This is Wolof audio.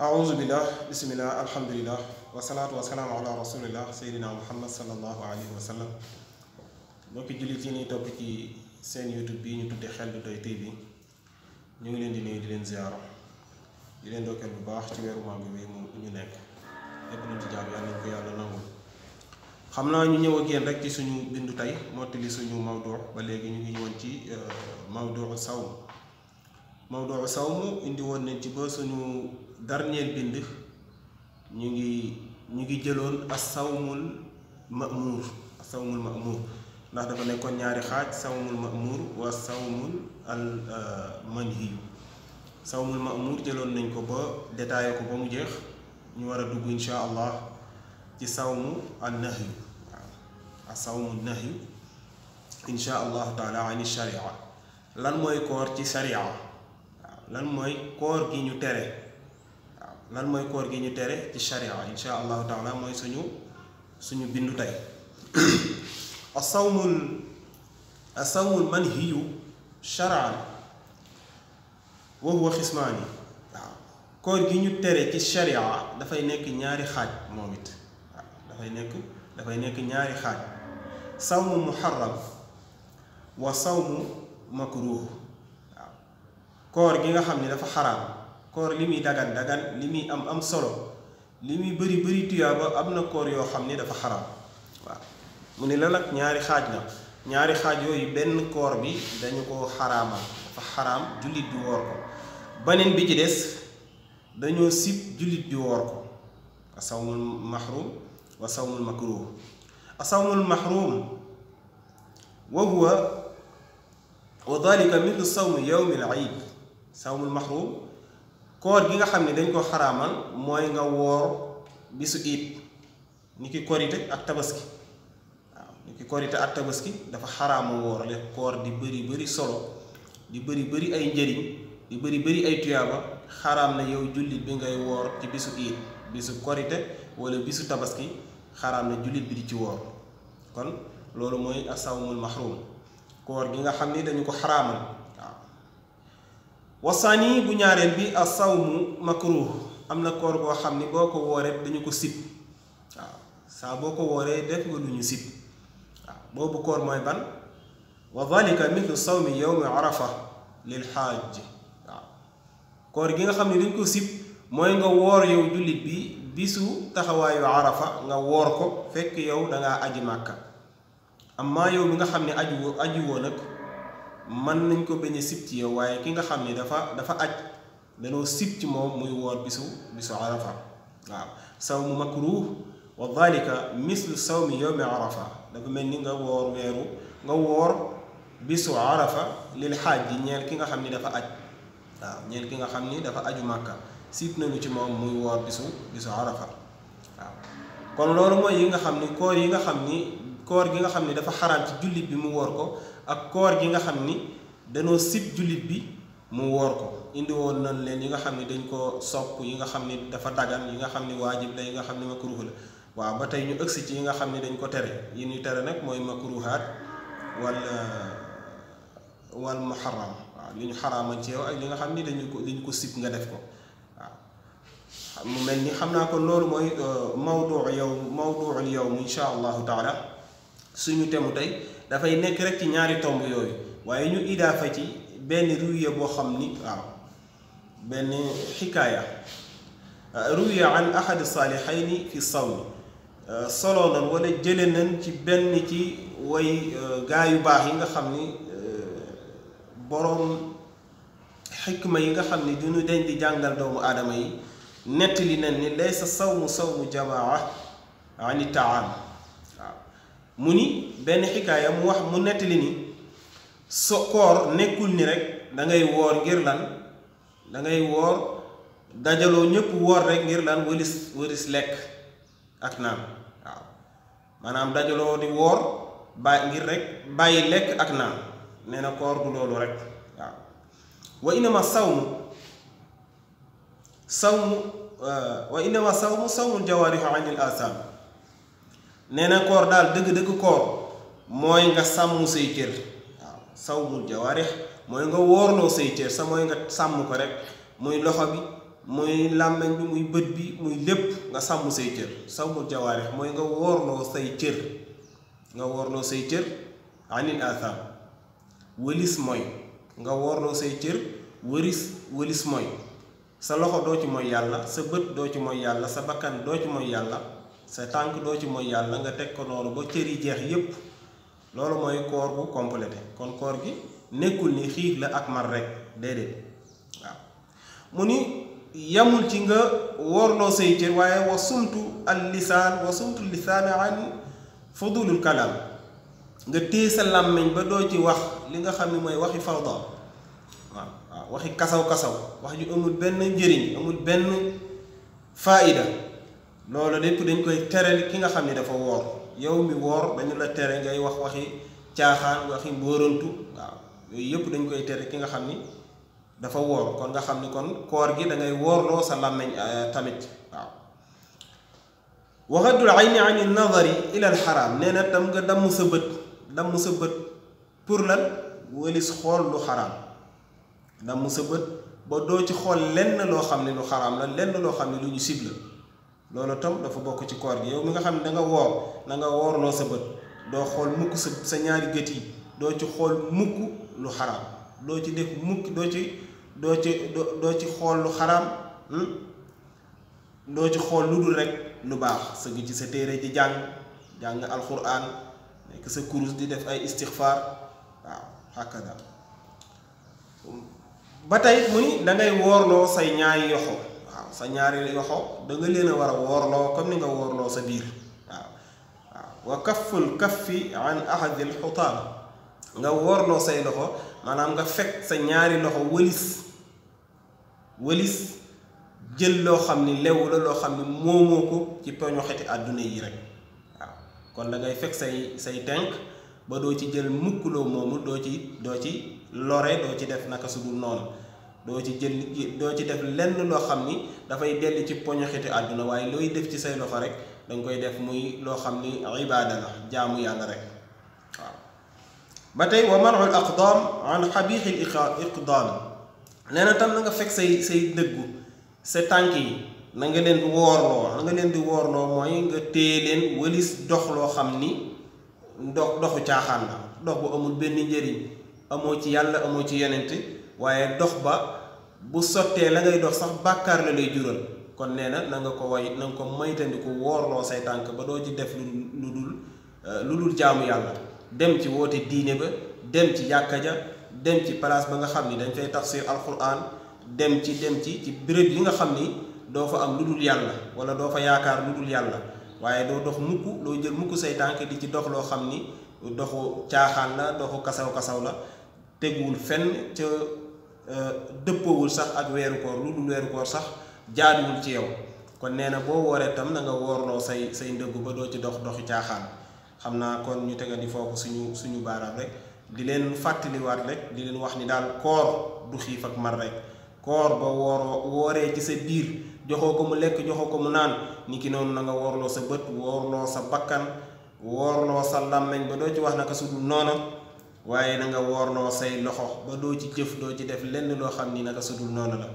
أعوذ بالله بسم الله الحمد لله wasalaatu wasalaam ala rasulillah seydina muhammad sallallahu alayhi wa sallam mbokki jullit yi ñuy topp ci seen youtube bi ñu tudde xel du doy tey bi ñu ngi leen di nuyu di leen ziyaara di leen dokkeel bu baax ci weeru màgg bi mu ñu nekk lépp luñ ci jaam yàlla nañ ko yàlla nangul xam naa ñu ñëw ak yéen rek ci suñu bindu tey mottali suñu mawdu ba léegi ñu ngi ñëwoon ci mawdu sawm mawdu sawm indi woon nañ ci ba suñu dernier bind ñu ngi ñu ngi jëloon as-sawmul ma'muur as-sawmul ma'muur ndax dafa nekkoon ñaari xaaj sawmul ma'muur wa sawmul al euh, manhiyu ma'muur jëloon nañ ko ba détaillé ko ba mu jeex ñu war a dugg ci sawmu al nahyu waaw as-sawmu nahyu insha allahu taala ani sharia lan mooy koor ci sharia waaw lan mooy koor gi ñu tere lan moy koor gi ñu tere ci sharia insha allah taala moy suñu suñu bindu tey asawmul asawmul manhiyu shar'a wa huwa khismani waaw koor gi ñu tere ci sharia da fay nekk ñaari xaj momit da fay nekk da fay nekk ñaari xaj sawmu muharram wa sawmu makruh koor gi nga xamni ne dafa xaraam koor li muy dagan dagan li muy am am solo li muy bëri bëri tuyaaba am na koor yoo xam ni dafa xaraam waaw mu ne la nag ñaari xaaj la ñaari xaaj yooyu benn koor bi dañu ko xaraamal dafa xaraam jullit bi woor ko beneen bi ci des dañoo sib jullit bi woor ko asawmul mahrum wa sawmul makruh asawmul mahrum wa huwa wa dalika mithlu sawmi yawmi al-iid sawmul mahrum koor gi nga xam ne dañ ko xaraamal mooy nga woor bisu iid ni ki korite ak tabaski waaw ni ki korite ak tabaski dafa xaraama woor koor di bëri bëri solo di bari bari ay njëriñ di bëri bëri ay tuyaaba xaraam na yow jullit bi ngay woor ci bisu iid bisu korite wala bisu tabaski xaraam na jullit bi di ci woor kon loolu mooy asawmul mahrum koor gi nga xam ni dañu ko xaraamal wasaani bu ñaareel bi saw sawmu makruh am na koor goo xam ni boo ko wooree dañu ko sib waaw saa boo ko wooree def nga lu ñu sib waaw boobu koor mooy ban wa dalika mithlu sawmi yowmi arafa lil xaaj waaw koor gi nga xam ne dañ ko sib mooy nga woor yow jullit bi bisu taxawaayu arafa nga woor ko fekk yow dangaa aji màkka amma yow mi nga xam ne aju aju woo nag man nañ ko bañ sip ci yow waaye ki nga xam ni dafa dafa aj danoo sip ci moom muy woor bisu bisu arafa waaw sawmu makruh wa dhalika mislu sawmi yowmi arafa dafa mel ni nga woor weeru nga woor bisu arafa lil xaaj ji ñeel ki nga xam ni dafa aj waaw ñeel ki nga xam ni dafa aju màkka sip nañu ci moom muy woor bisu bisu arafa waaw kon loolu mooy yi nga xam ni koor yi nga xam ni koor gi nga xam ni dafa xaraam ci jullit bi mu wor ko ak koor gi nga xam ni danoo sib jullit bi mu wor ko indi woon nañ leen yi nga xam ni dañ ko sopp yi nga xam ni dafa dagan yi nga xam ni waajib la yi nga xam ni makruh la waaw ba tey ñu ëgsi ci yi nga xam ni dañ ko tere yi ñu tere nag mooy makruhaat wala wal muharram waaw li ñu xaraamal ci yow ak li nga xam ni dañu ko dañ ko sib nga def ko mu mel ni xam naa kon loolu mooy mawduu yow mawduul yowm insha allahu taala suñu temu tey dafay nekk rek ci ñaari tomb yooyu waaye ñu idaafa ci benn ruwiya boo xam ni waaw benn xikaaya euh, ruwiya an ahadi saalihayni fi sawmi euh, solo nan wala jële nan ci benn ci way euh, gaa yu baax yi nga xam ni boroom xikma yi nga xam ni du ñu deñ di jàngal doomu aadama yi nett li nan ni laysa sawmu sawmu jamaa ani taam Muni ben hikaya mu wax mu nettali ni so koor nekul ni rek da ngay wor ngir lan da ngay wor dajalo ñepp wor rek ngir lan wëlis wëlis lek ak naan waaw maanaam di wor ba ngir rek bayyi lek ak naan neena na koor du lolu rek waaw wa inama sawm sawm euh, wa inama sawm sawm jawarih anil asam nee na koor daal dëgg-dëgg koor mooy nga sàmm say cër waaw sawmul jawaarix mooy nga woorloo say cër sa mooy nga sàmm ko rek muy loxo bi muy làmmeñ bi muy bët bi muy lépp nga sàmm say cër sawmul jawaarix mooy nga woorloo say cër nga woorloo say cër anil atham wëlis mooy nga woorloo say cër wëris wëlis mooy sa loxo doo ci mooy yàlla sa bët doo ci mooy yàlla sa bakkan doo ci mooy yàlla sa tànk doo ci moy yàlla nga tek ko noonu ba cër jeex yep lolu moy koor bu complété kon koor gi nekul ni xiif la ak mar rek dede wa muni yamul ci nga woorloo sey ci waye wa sumtu al lisan wa sumtu al lisan an fudul al kalam nga tey sa làmmiñ ba do ci wax li nga xamni moy waxi fawda wa waxi kasaw-kasaw wax ju amul ben njëriñ amul ben faida loolu lépp dañ koy tereel ki nga xam ni dafa woor yow mi woor dañu la tere ngay wax waxi caaxaan waxi mbóorantu waaw yooyu yëpp dañ koy tere ki nga xam ni dafa woor kon nga xam ni kon koor gi da ngay woorloo sa làmmiñ tamit waaw waxadul ayni an nadari ila al xaraam nee na tam nga damm sa bët damm sa bët pour lan walis xool lu xaraam damm sa bët ba doo ci xool lenn loo xam ne lu xaraam la lenn loo xam ne lu ñu cible la loolu tam dafa bokk ci koor gi yow mi nga xam ne da nga woor na nga woorloo sa bët doo xool mukk sa sa ñaari gët yi doo ci xool mukk lu xaraam doo ci def mukk doo ci doo ci doo ci xool lu xaram hmm? doo ci xool lu dul rek lu baax sëgg ci sa téere ji jàng jàng alxuraan nekk sa kurus di def ay istixfaar waaw hakada ba tey muy da ngay woorloo say ñaari yoxo sa ñaari loxo da nga leen a war a woorloo comme ni nga woorloo sa biir waaw waaw wa kafful kaffi an ahadil xutaam nga woorloo say loxo maanaam nga fekk sa ñaari loxo wëlis wëlis jël loo xam ni lew la loo xam ni moomoo ko ci poñu xeti àdduna yi rek waaw kon da ngay fekk say say tënk ba doo ci jël mukkuloo moomu doo ci doo ci lore doo ci def naka su dul noonu doo ci jël doo ci def lenn loo xam ni dafay delli ci poñoxiti àdduna waaye looy def ci say loxo rek danga koy def muy loo xam ni ibaada la jaamu yàlla rek waaw ba tey wa manul aqdaam an xabixil iqdaam nee na tam na nga fekk say say dëggu sa tànk yi na nga leen di woorloo na nga leen di woorloo mooy nga téye leen walis dox loo xam ni dox doxu caaxaan la dox bu amul benn njëriñ amoo ci yàlla amoo ci yenente waaye dox ba bu sottee la ngay dox sax bàkkaar la lay jural kon nee na na nga ko way na nga ko moytandiku woorloo say tànk ba doo ci def lu lu dul euh, lu dul jaamu yàlla dem ci woote diine ba dem ci yàkka ja dem ci place ba nga xam ni dañ fay tafsir alquran dem ci dem ci ci béréb yi nga xam ni doo fa am lu dul yàlla wala doo fa yaakaar lu dul yàlla waaye doo dox mukk doo jël mukk say tànk di ci dox loo xam ni doxu caaxaan la doxu kasaw kasaw la Euh, dëppoowul sax ak weeru koor lu dul weeru koor sax jaaduwul ci yow kon nee na boo wooree tam na nga woorloo say say ndëggu ba doo ci dox doxi caaxaan xam naa kon ñu tegal di foofu suñu suñu baaraam rek di leen fàttaliwaat rek di leen wax ni daal koor du xiif ak man rek koor ba wooroo wooree ci sa biir joxoo ko mu lekk joxoo ko mu naan ni ki noonu na nga woorloo sa bët woorloo sa bakkan woorloo sa làmmeñ ba doo ci wax naka su dul noona waaye na nga noo say loxo ba doo ci jëf doo ci def lenn loo xam ni nag a sutul noonu la